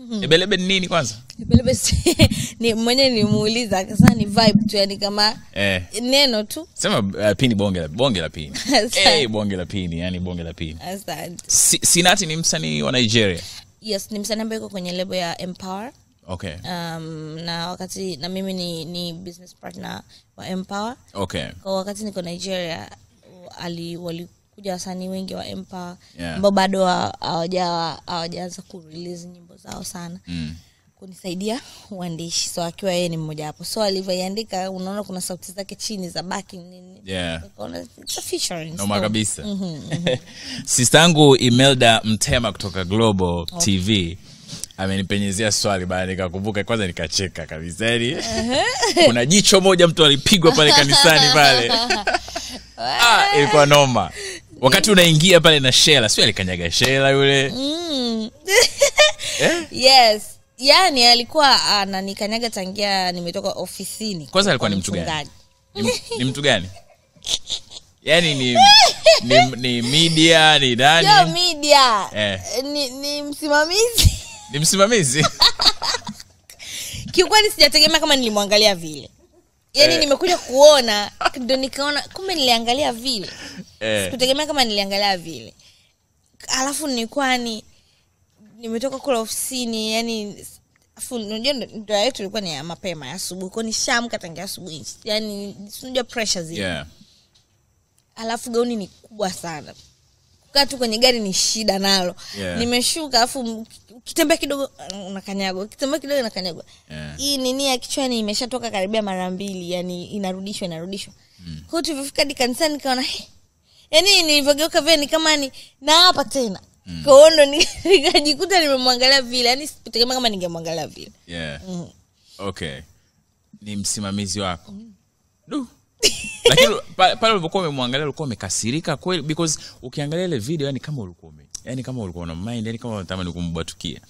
mm-hmm. ebelebe ni nini kwanza ebelebe si, ni mwenyewe nimuuliza akasema ni vibe tu yani kama eh. neno tu sema uh, pini bonge la bonge la pini hey, eh, bonge la pini yani bonge la pini asante si, sinati ni msanii wa nigeria yes ni msanii ambaye yuko kwenye lebo ya empower okay. um, na wakati na mimi ni, ni business partner wa empower okay. kwa wakati niko nigeria ali walikuwa wamekuja wasanii wengi wa Empire yeah. ambao bado hawajaanza ku release nyimbo zao sana mm kunisaidia uandishi so akiwa yeye ni mmoja hapo so alivyoiandika unaona kuna sauti zake chini za baki nini yeah. noma kabisa mm-hmm, mm-hmm. sista yangu imelda mtema kutoka global okay. Oh. tv amenipenyezea swali baada nikakumbuka kwanza nikacheka kabisa yani uh-huh. kuna jicho moja mtu alipigwa pale kanisani pale ah, ilikuwa noma wakati unaingia pale na shela sio alikanyaga shela yule mm. eh? yes yani alikuwa ananikanyaga tangia nimetoka ofisini kwanza alikuwa ni mtu gani ni mtu gani yani ni ni, ni media ni dani Yo, media eh. ni, ni msimamizi ni msimamizi kiukweli sijategemea kama nilimwangalia vile yani eh. nimekuja kuona ndo nikaona kumbe niliangalia vile eh. sikutegemea kama niliangalia vile alafu nikwani nimetoka kula ofisini yani unajua ndoa yetu ilikuwa ni ya mapema ya asubuhi ko nishamka tangia asubuhi yani sinajua pressure zile yeah. alafu gauni ni kubwa sana kukaa tu kwenye gari ni shida nalo yeah. nimeshuka alafu ukitembea kidogo unakanyagwa ukitembea kidogo nakanyagwa yeah. hii nini ya kichwani imeshatoka karibia mara mbili yani inarudishwa inarudishwa mm. kwao tulivyofika dikanisani kanisani nikaona hey, yani nilivyogeuka vile ni kama ni na hapa tena mm. kwaondo nikajikuta nimemwangalia vile yani sikutegemea kama ningemwangalia vile yeah. mm. okay ni msimamizi wako mm. lakini pale pa, umemwangalia ulikuwa umekasirika kweli because ukiangalia ile video yani kama ulikuwa ume yani kama ulikuwa una mind yani kama unatamani kumbwatukia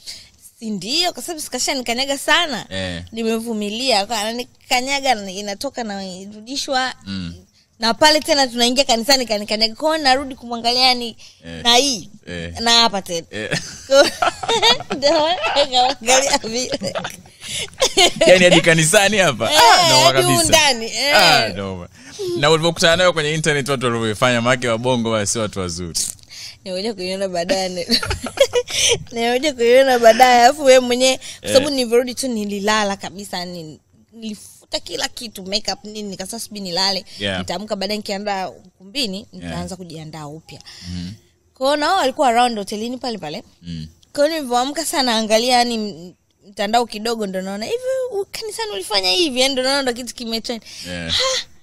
ndio kwa sababu sikasha nikanyaga sana eh. nimevumilia nikanyaga inatoka na irudishwa mm na pale tena tunaingia kanisani kanikanyaga kwao narudi kumwangalia yani eh, na hii eh, na hapa tena eh. vile yani hadi kanisani hapa eh, ah, ndani eh. ah, na ulivyokutana nayo kwenye internet watu walivyoifanya maake wabongo basi watu wazuri nikuja kuiona baadaye nikuja kuiona baadaye alafu we mwenyewe kwa eh. sababu nilivyorudi tu nililala kabisa yaani nilif nitafuta kila kitu makeup nini nikasa sibi nilale yeah. nitaamka baadaye nikienda ukumbini nitaanza yeah. kujiandaa upya mm. kwao nao walikuwa around hotelini pale pale mm. kwao nilivyoamka sana angalia yani mtandao kidogo ndo naona hivi kanisani ulifanya hivi yani ndo naona ndo kitu kimetrend yeah.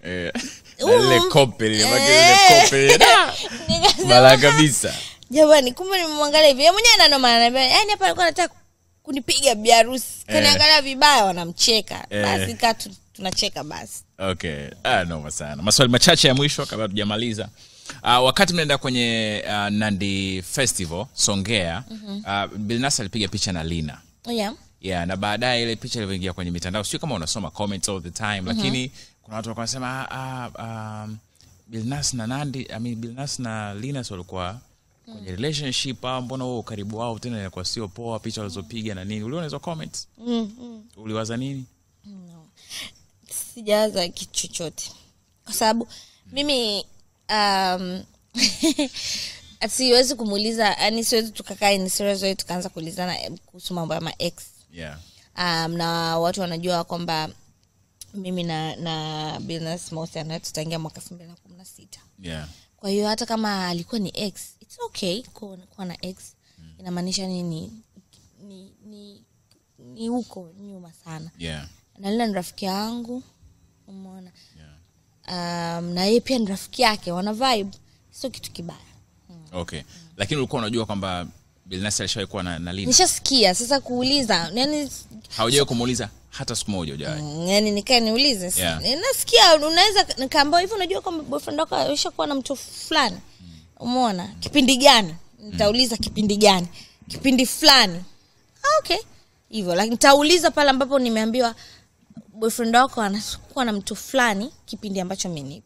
yeah. Uh. mara eh. kabisa jamani kumbe nimemwangalia hivi mwenyewe nanoma nanaambia yani hapa alikuwa nataka kunipiga biharusi eh. kaniangalia eh. vibaya wanamcheka eh. basi ka tunacheka basi okay ah, noma sana maswali machache ya mwisho kabla tujamaliza Uh, wakati mnaenda kwenye uh, nandi festival songea mm-hmm. uh, ah, bilnas alipiga picha na lina yeah. Yeah, na baadaye ile picha ilivyoingia kwenye mitandao sio kama unasoma comments all the time mm-hmm. lakini kuna watu walikuwa wanasema uh, um, bilnas na nandi I mean, bilnas na linas walikuwa kwenye relationship au ah, mbona wewe ukaribu wao tena kwa sio poa picha walizopiga na nini uliona hizo comments mm, mm. uliwaza nini no. sijawaza kitu chochote kwa sababu mimi um, siwezi kumuuliza yani siwezi tukakaa way tukaanza kuulizana kuhusu mambo ya max yeah. um, na watu wanajua kwamba mimi na na business mahusiano yetu tutaingia mwaka 2016 na kumi na sita yeah kwa hiyo hata kama alikuwa ni x its okay kuwa na x mm. inamaanisha nini ni, ni, ni huko nyuma sana yeah. nalina ni rafiki yangu umona yeah. um, na yeye pia ni rafiki yake wana vibe sio kitu kibaya mm. okay mm. lakini ulikuwa unajua kwamba bilnasi alishawai kuwa na, na lina nishasikia sasa kuuliza yani haujawai kumuuliza hata siku moja ujawai mm, yani nikae niulize yeah. Eh, nasikia unaweza nikaambao hivi unajua kwamba boyfriend wako ishakuwa na mtu fulani umeona kipindi gani nitauliza kipindi gani kipindi fulani ah, okay hivyo lakini nitauliza pale ambapo nimeambiwa boyfriend wako anakuwa na mtu fulani kipindi ambacho mimi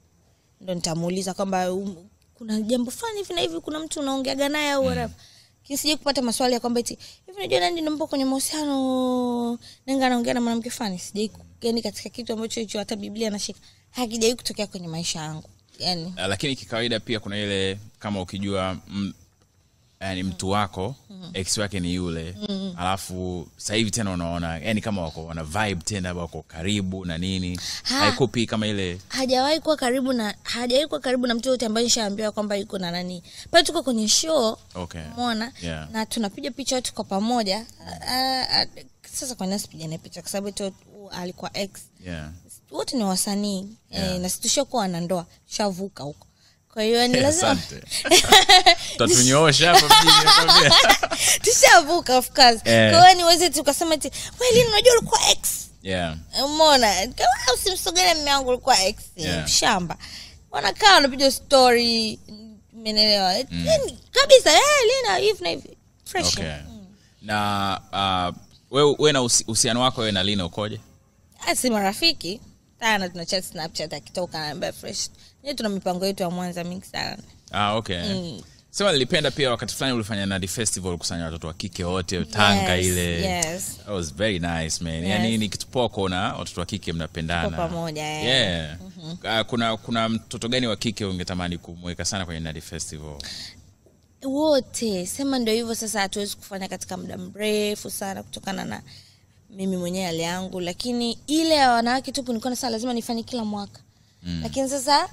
ndo nitamuuliza kwamba um, kuna jambo fulani hivi na hivi kuna mtu unaongeaga naye au mm. whatever mm kisije kupata maswali ya kwamba eti hivi unajua nani nampa kwenye mahusiano nanga anaongea na mwanamke fulani sijai yani katika kitu ambacho hicho hata biblia nashika hakijai kutokea kwenye maisha yangu yani. Ah, lakini kikawaida pia kuna ile kama ukijua m, yani eh, mtu wako mm-hmm. ex wake ni yule mm. alafu sahivi tena unaona yani kama wako wana vibe tena wako karibu na nini haikupi kama ile hajawahi kuwa karibu na hajawahi kuwa karibu na mtu yote ambaye nishaambiwa kwamba yuko na nani pale tuko kwenye show okay. mona yeah. na tunapiga picha watu kwa pamoja uh, uh, sasa kwa nini na picha kwa sababu tu uh, alikuwa ex yeah. wote ni wasanii yeah. e, na situshakuwa na ndoa shavuka huko kwa hiyo ni eh, lazima tushavuka of course yeah. kwa hiyo niweze tukasema ti unajua ulikuwa x yeah. umona usimsogele mme wangu ulikuwa x yeah. shamba wanakaa wanapiga story menelewa mm. Yaani, kabisa eh, lina hivi na hivi fresh okay. mm. na uh, we, we na uhusiano wako wewe na lina ukoje ah, si marafiki sana tunachat snapchat akitoka anambia fresh nyie tuna mipango yetu ya mwanza mingi sana ah, okay mm sema nilipenda pia wakati fulani ulifanya nadi festival kusanya watoto wa kike wote tanga yes, ile yes. That was very nice man yes. yani ni kitu poa kuona watoto wa kike mnapendana pamoja yeah. yeah. mm-hmm. uh, kuna kuna mtoto gani wa kike ungetamani kumweka sana kwenye nadi festival wote sema ndio hivyo sasa hatuwezi kufanya katika muda mrefu sana kutokana na mimi mwenyewe hali yangu lakini ile ya wanawake tupu nilikuwa nasema lazima nifanye kila mwaka mm. lakini sasa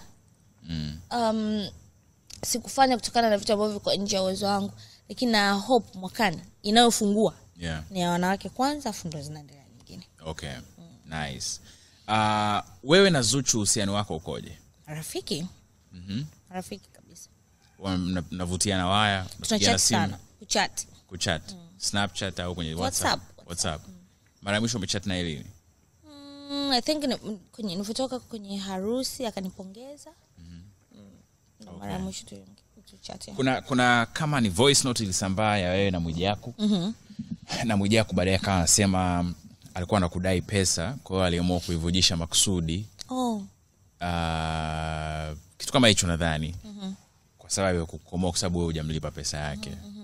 mm. um, sikufanya kutokana na vitu ambavyo viko nje ya uwezo wangu lakini na hope mwakani inayofungua yeah. ni ya wanawake kwanza afu ndo zinaendelea nyingine okay. mm. nice. uh, wewe na zuchu uhusiano wako ukoje rafiki mm-hmm. rafiki kabisa navutiana na waya tunachat sana kuchat kuchat mm. snapchat au kwenye whatsapp, WhatsApp. WhatsApp. WhatsApp. Mm mara ya mwisho umechat naye lini mm, i think kwenye nivotoka kwenye harusi akanipongeza mm-hmm. mara ya mwisho kuna, kuna kama ni voice note ilisambaa ya wewe na mwijaku mm-hmm. na mwijaku baadaye akawa anasema alikuwa anakudai pesa kwa hiyo aliamua kuivujisha makusudi oh. uh, kitu kama hicho nadhani mm-hmm. kwa sababu ya kukomoa kwa sababu hujamlipa pesa yake mm-hmm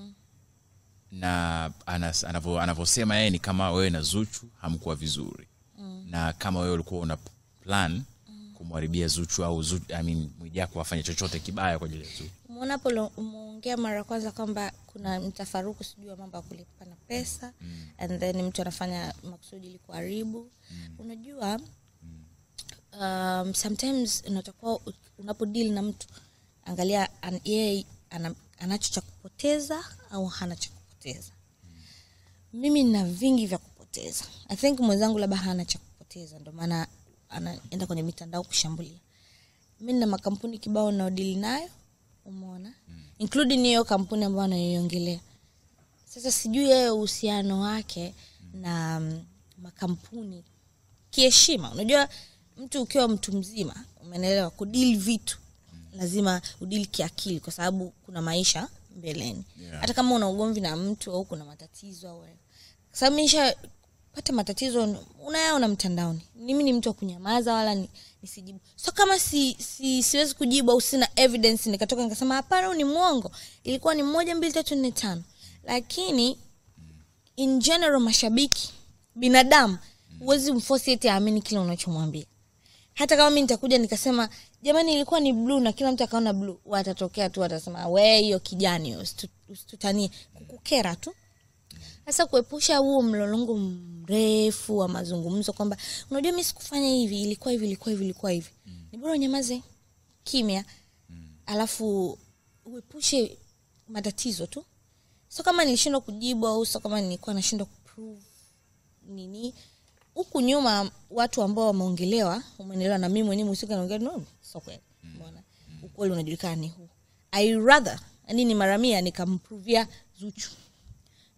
na anavyosema yeye ni kama wewe na Zuchu hamkuwa vizuri mm. na kama wewe ulikuwa una plan mm. kumharibia Zuchu au Zuchu, I mean, mwijako afanye chochote kibaya kwa ajili ya Zuchu. umeongea mara kwanza kwamba kuna mtafaruku sijui wa mambo ya kulipa na pesa mm. mm. and then mtu anafanya makusudi ili kuharibu mm. unajua mm. um, sometimes unatakuwa unapodeal na mtu angalia an, yeye anacho cha kupoteza au hana cha kupoteza mimi nina vingi vya kupoteza i think mwenzangu labda hana cha kupoteza ndio maana anaenda kwenye mitandao kushambulia mi na makampuni kibao naodili nayo umona mm. including hiyo kampuni ambayo anayoiongelea sasa sijui yeye uhusiano wake mm. na mm, makampuni kiheshima unajua mtu ukiwa mtu mzima umenelewa kudili vitu mm. lazima udili kiakili kwa sababu kuna maisha mbeleni yeah. hata kama una ugomvi na mtu au kuna matatizo au sababu nisha pata matatizo unayaona mtandaoni mimi ni mtu wa kunyamaza wala ni, nisijibu so kama si, si siwezi kujibu au sina evidence nikatoka nikasema hapana ni mwongo ilikuwa ni moja mbili tatu nne tano lakini in general mashabiki binadamu mm. huwezi mfosi eti aamini kile unachomwambia hata kama mi nitakuja nikasema jamani ilikuwa ni bluu na kila mtu akaona bluu watatokea tu watasema we hiyo kijani usitutanie kukukera tu sasa kuepusha huo mlolongo mrefu wa mazungumzo kwamba unajua mi sikufanya hivi ilikuwa hivi ilikuwa hivi ilikuwa hivi mm. ni bora unyamaze kimya mm. alafu uepushe matatizo tu so kama nilishindwa kujibu au so kama nilikuwa nashindwa kuprove nini huku nyuma watu ambao wameongelewa umeelewa na mimi mwenyewe msika naongea no sio kweli umeona ukweli unajulikana ni huu i rather yani ni mara mia nikamprovia zuchu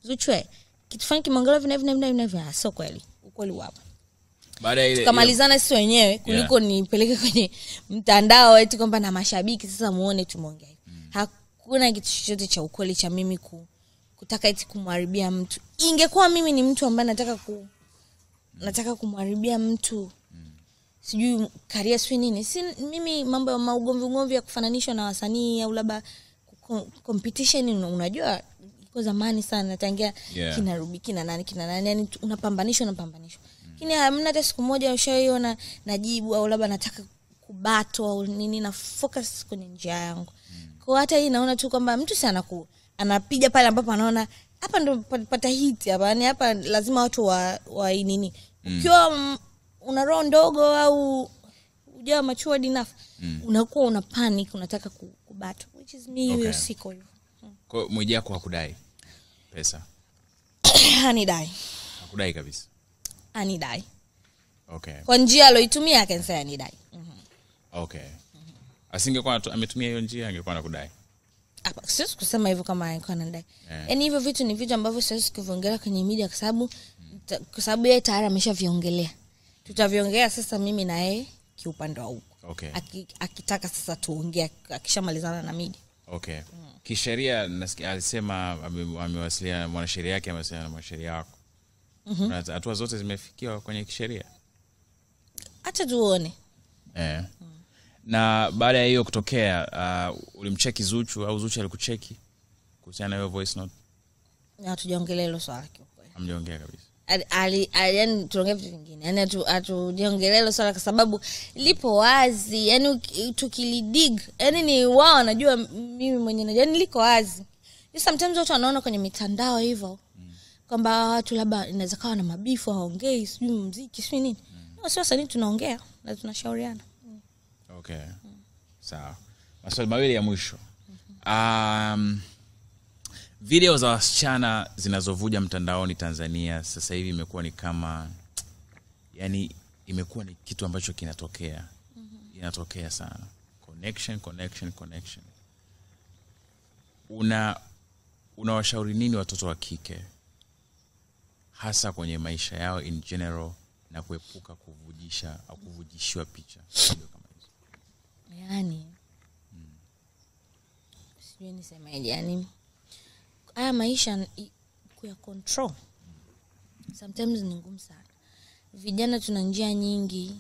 zuchu eh kitu fani kimeongelewa vina vina vina vina vina ah, sio kweli ukweli wapo baada ile tukamalizana sisi wenyewe kuliko yeah. nipeleke kwenye mtandao eti kwamba na mashabiki sasa muone tumeongea mm. hakuna kitu chochote cha ukweli cha mimi ku, kutaka eti kumharibia mtu ingekuwa mimi ni mtu ambaye nataka ku nataka kumharibia mtu mm. sijui karia si nini si mimi mambo ya maugomvi ugomvi ya kufananishwa na wasanii au labda competition unajua iko zamani sana tangia yeah. kina rubi kina nani kina nani yani unapambanishwa napambanishwa lakini mm. hamna hata siku moja ushaiona najibu au labda nataka kubato au nini na focus kwenye njia yangu mm. kwa hata hii naona tu kwamba mtu si anaku anapiga pale ambapo anaona hapa ndo pata hiti hapa yani hapa lazima watu wa, wa nini mm. ukiwa mm. una roho ndogo au ujawa machua dinaf mm. unakuwa una panic unataka kubatwa which is me hiyo okay. siko hivyo hmm. mwijako hakudai pesa anidai hakudai kabisa anidai okay. kwa njia aloitumia akensea anidai mm-hmm. okay mm-hmm. asingekuwa ametumia hiyo njia angekuwa nakudai siwezi kusema hivyo kama alikuwa yeah. Eh. yani hivyo vitu ni vitu ambavyo siwezi kuviongelea kwenye media kwa sababu kwa sababu yeye tayari ameshaviongelea tutaviongea sasa mimi na yeye kiupande wa huko okay. Aki, akitaka sasa tuongee akishamalizana na media okay. mm. kisheria alisema amewasiliana mwanasheria yake amewasiliana na mwanasheria wako mm-hmm. hatua zote zimefikiwa kwenye kisheria hacha tuone yeah. mm na baada ya hiyo kutokea uh, ulimcheki zuchu au zuchu alikucheki kuhusiana na hiyo voice note hatujaongelea hilo swala kiukweli amjaongea kabisa yani tuongee vitu vingine yani hatujiongelea hilo swala kwa sababu lipo wazi yani tukilidig yani ni wao wanajua mimi mwenye mwenyewe yani liko wazi sometimes watu wanaona kwenye mitandao hivyo kwamba watu labda inaweza kawa na mabifu haongei sijui mziki sijui nini mm. no, si wasanii tunaongea na tunashauriana okay mm. sawa maswali mawili ya mwisho um, video za wasichana zinazovuja mtandaoni tanzania sasa hivi imekuwa ni kama yani imekuwa ni kitu ambacho kinatokea mm-hmm. inatokea sana connection connection connection una unawashauri nini watoto wa kike hasa kwenye maisha yao in general na kuepuka kuvujisha au kuvujishiwa picha yani mm. sijui nisemeje yani haya maisha kuya control sometimes ni ngumu sana vijana tuna njia nyingi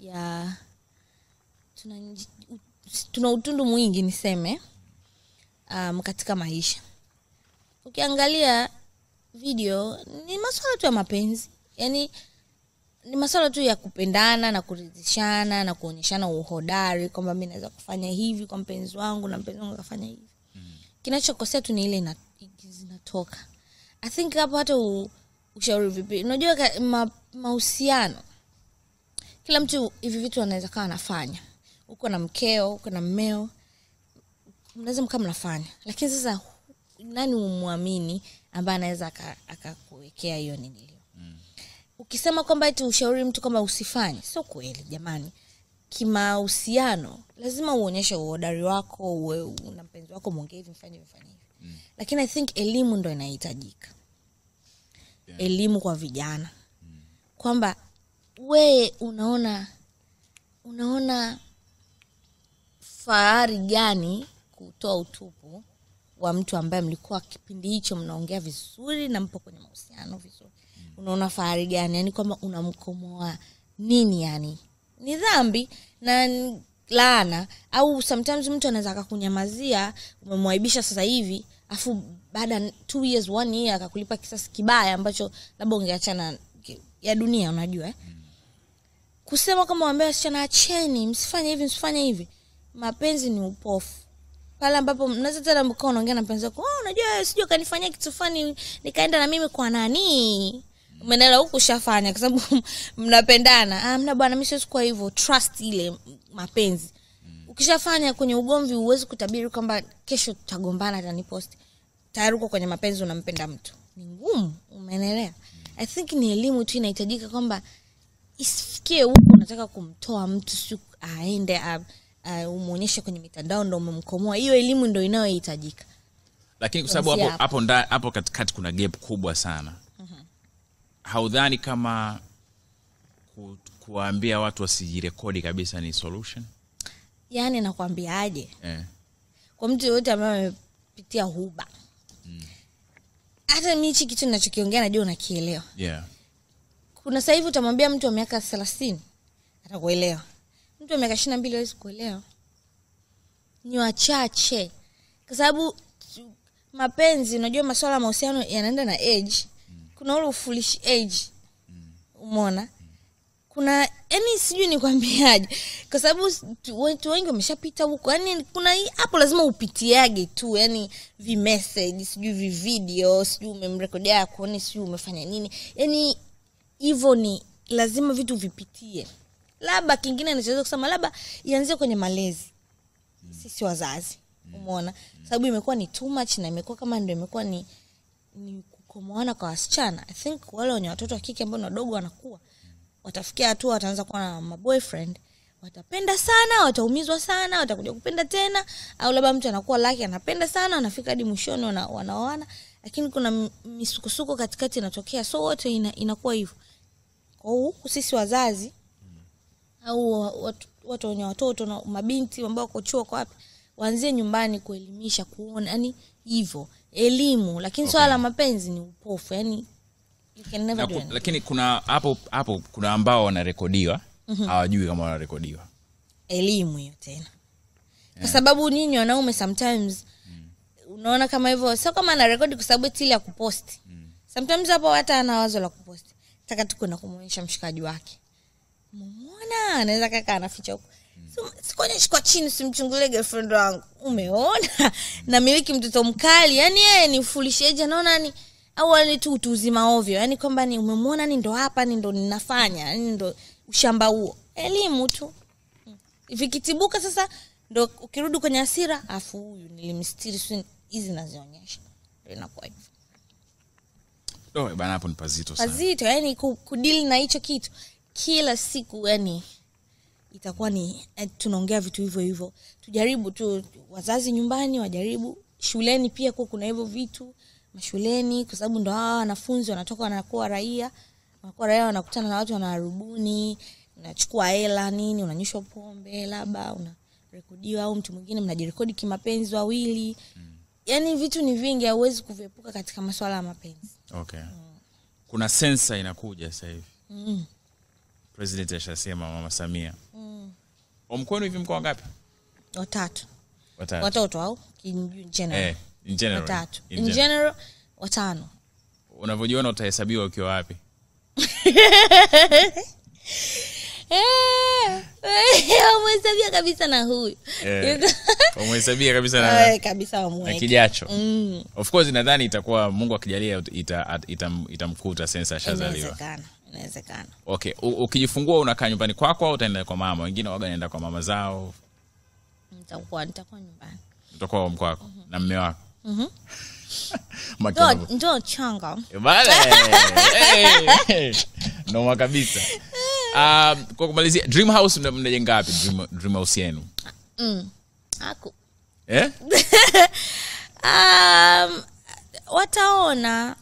ya tuna, tuna utundu mwingi niseme um, katika maisha ukiangalia video ni maswala tu ya mapenzi yani ni masuala tu ya kupendana na kuridhishana na kuonyeshana uhodari kwamba mi naweza kufanya hivi kwa mpenzi wangu na mpenzi wangu akafanya hivi mm. kinachokosea tu ni ile zinatoka i think hapo hata ushauri vipi unajua ma, mahusiano kila mtu hivi vitu anaweza kawa anafanya uko na mkeo uko na mmeo mnaweza mkaa mnafanya lakini sasa nani umwamini ambaye anaweza akakuwekea aka hiyo ninili ukisema kwamba ti ushauri mtu kwamba usifanye sio kweli jamani kimahusiano lazima uonyeshe uodari wako uwe na mpenzi wako mwongee hivi mfanye mfanye hivi mm. lakini i think elimu ndo inahitajika yeah. elimu kwa vijana mm. kwamba wee unaona unaona fahari gani kutoa utupu wa mtu ambaye mlikuwa kipindi hicho mnaongea vizuri na mpo kwenye mahusiano vizuri unaona fahari gani yani kwamba unamkomoa nini yani ni dhambi na laana au sometimes mtu anaweza akakunyamazia umemwaibisha sasa hivi afu baada two years one year akakulipa kisasi kibaya ambacho labda ungeachana ya dunia unajua eh? kusema kama wambea wasichana acheni msifanye hivi msifanye hivi mapenzi ni upofu pale ambapo mnaweza tena mkaa unaongea na mpenzi wako oh, unajua sijui kanifanyia kitu fani nikaenda na mimi kwa nanii umenelewa huku ushafanya kwa sababu mnapendana ah, mna bwana mishasikuwa hivyo trust ile mapenzi mm. ukishafanya kwenye ugomvi huwezi kutabiri kwamba kesho tutagombana taniposti tayari uko kwenye mapenzi unampenda mtu ni ngumu umenelewa mm. i think ni elimu tu inahitajika kwamba isifikie huku unataka kumtoa mtu siku aende uh, umwonyeshe kwenye mitandao ndo umemkomoa hiyo elimu ndo inayohitajika lakini kwa sababu hapo hapo katikati kuna gap kubwa sana haudhani kama ku, kuwaambia watu wasijirekodi kabisa ni solution yaani nakwambiaje eh. kwa mtu yoyote ambaye amepitia huba mm. hata mm. mi hichi kitu nachokiongea najua unakielewa yeah. kuna sahivi utamwambia mtu wa miaka thelathini atakuelewa mtu wa miaka ishiri na mbili awezi kuelewa ni wachache kwa sababu mapenzi unajua maswala ya mahusiano yanaenda na age kuna ule foolish age umeona kuna yani sijui nikwambiaje kwa sababu watu wengi wameshapita huko yani kuna hapo lazima upitiage tu yani vimessage sijui vivideo sijui umemrekodia kuone sijui umefanya nini yani hivyo ni lazima vitu vipitie labda kingine anachoweza kusema labda ianzie kwenye malezi sisi wazazi umeona sababu imekuwa ni too much na imekuwa kama ndio imekuwa ni, ni kumwona kwa wasichana i think wale wenye watoto wa kike ambao ni wadogo wanakuwa watafikia hatua wataanza kuwa na maboyfriend watapenda sana wataumizwa sana watakuja kupenda tena au labda mtu anakuwa laki anapenda sana anafika hadi mwishoni wanaoana lakini kuna misukosuko katikati inatokea so wote ina, inakuwa hivyo kwa huku sisi wazazi au watu, watu wenye watoto na mabinti ambao wako chuo kwa wapi waanzie nyumbani kuelimisha kuona yani hivyo elimu lakini okay. swala la mapenzi ni upofu yani ku, lakini kuna hapo hapo kuna ambao wanarekodiwa mm-hmm. kama wanarekodiwa elimu hiyo tena yeah. kwa eh. sababu ninyi wanaume sometimes mm. unaona kama hivyo sio kama anarekodi kwa sababu tili ya kuposti mm. sometimes hapo hata ana wazo la kuposti taka tu kuna kumwonyesha mshikaji wake mmona anaweza kaka anaficha huko so, shikwa kwa chini simchungulie girlfriend wangu umeona namiliki mtoto mkali yani yeye nifulisheje anaona ni au ni tu utu ovyo yani kwamba ni umemwona ni ndo hapa ni ndo ninafanya yani ndo ushamba huo elimu tu vikitibuka sasa ndo ukirudi kwenye asira afu huyu nilimstiri s hizi nazionyesha inakuwa hivyo bana hapo ni pazito pazito yani kudili na hicho kitu kila siku yani itakuwa ni eh, tunaongea vitu hivyo hivyo tujaribu tu wazazi nyumbani wajaribu shuleni pia kuwa kuna hivyo vitu mashuleni kwa sababu ndo hawa wanafunzi wanatoka wanakuwa raia wanakuwa raia wanakutana na watu wanaarubuni unachukua hela nini unanyeshwa pombe labda unarekodiwa au mtu mwingine mnajirekodi kimapenzi wawili mm. yaani vitu ni vingi hauwezi kuviepuka katika maswala ya mapenzi okay. mm. kuna sensa inakuja sasa hivi mm president ashasema mama samia mm. omkwenu hivi mko wangapi watatu watoto au eh, in general. watatu in general. In general watano unavyojiona utahesabiwa ukiwa wapi wamhesabia eh, kabisa na huyu wamhesabia eh, kabisa na eh, kabisa wamweke kijacho mm. of course nadhani itakuwa mungu akijalia itamkuta ita, ita, ita sensa ashazaliwa inawezekana. Okay, ukijifungua unakaa nyumbani kwako au utaenda kwa mama? Wengine waga naenda kwa mama zao. Nitakuwa nitakuwa nyumbani. Utakuwa mm-hmm. na mme wako. Mhm. changa. Noma kabisa. Um, kwa kumalizia Dream House mnajenga wapi Dream, Dream House yenu? Mm. Aku. Eh? um, wataona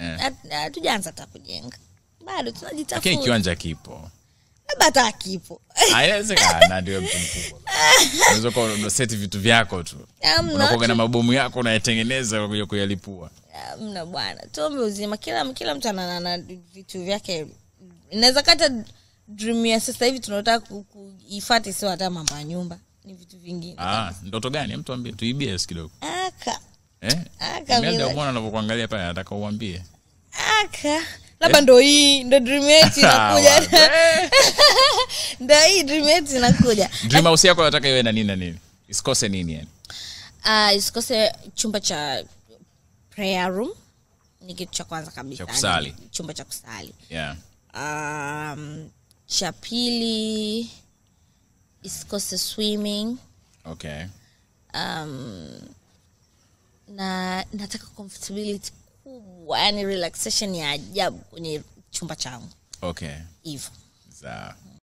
eh. hatujaanza yeah. hata kujenga bado tunajitafuni kiwanja kipo labda hata akipo ah, inawezekana ndio mtu mkubwa unaweza kuwa unaseti vitu vyako tu unakuaga na mabomu yako unayatengeneza kuja kuyalipua mna bwana tuombe uzima kila kila mtu ana vitu vyake inaweza kata dream ya sasa hivi tunataka kuifate sio hata mambo ya nyumba ni vitu vingine ah, ndoto gani mtu ambie tuibs kidogo aka eh? aka mimi ndio mwana anavyokuangalia pale anataka uambie aka labda eh? ndo hii ndo ah, inakuja ndo hii inakuja yako nataka iwe na nini na nini isikose nini yani uh, isikose chumba cha prayer room ni kitu cha kwanza kabisa chumba cha kusali yeah. um, cha pili isikose swimming okay um, na nataka comfortability kubwa yani relaxation ya ajabu kwenye chumba changu okay hivyo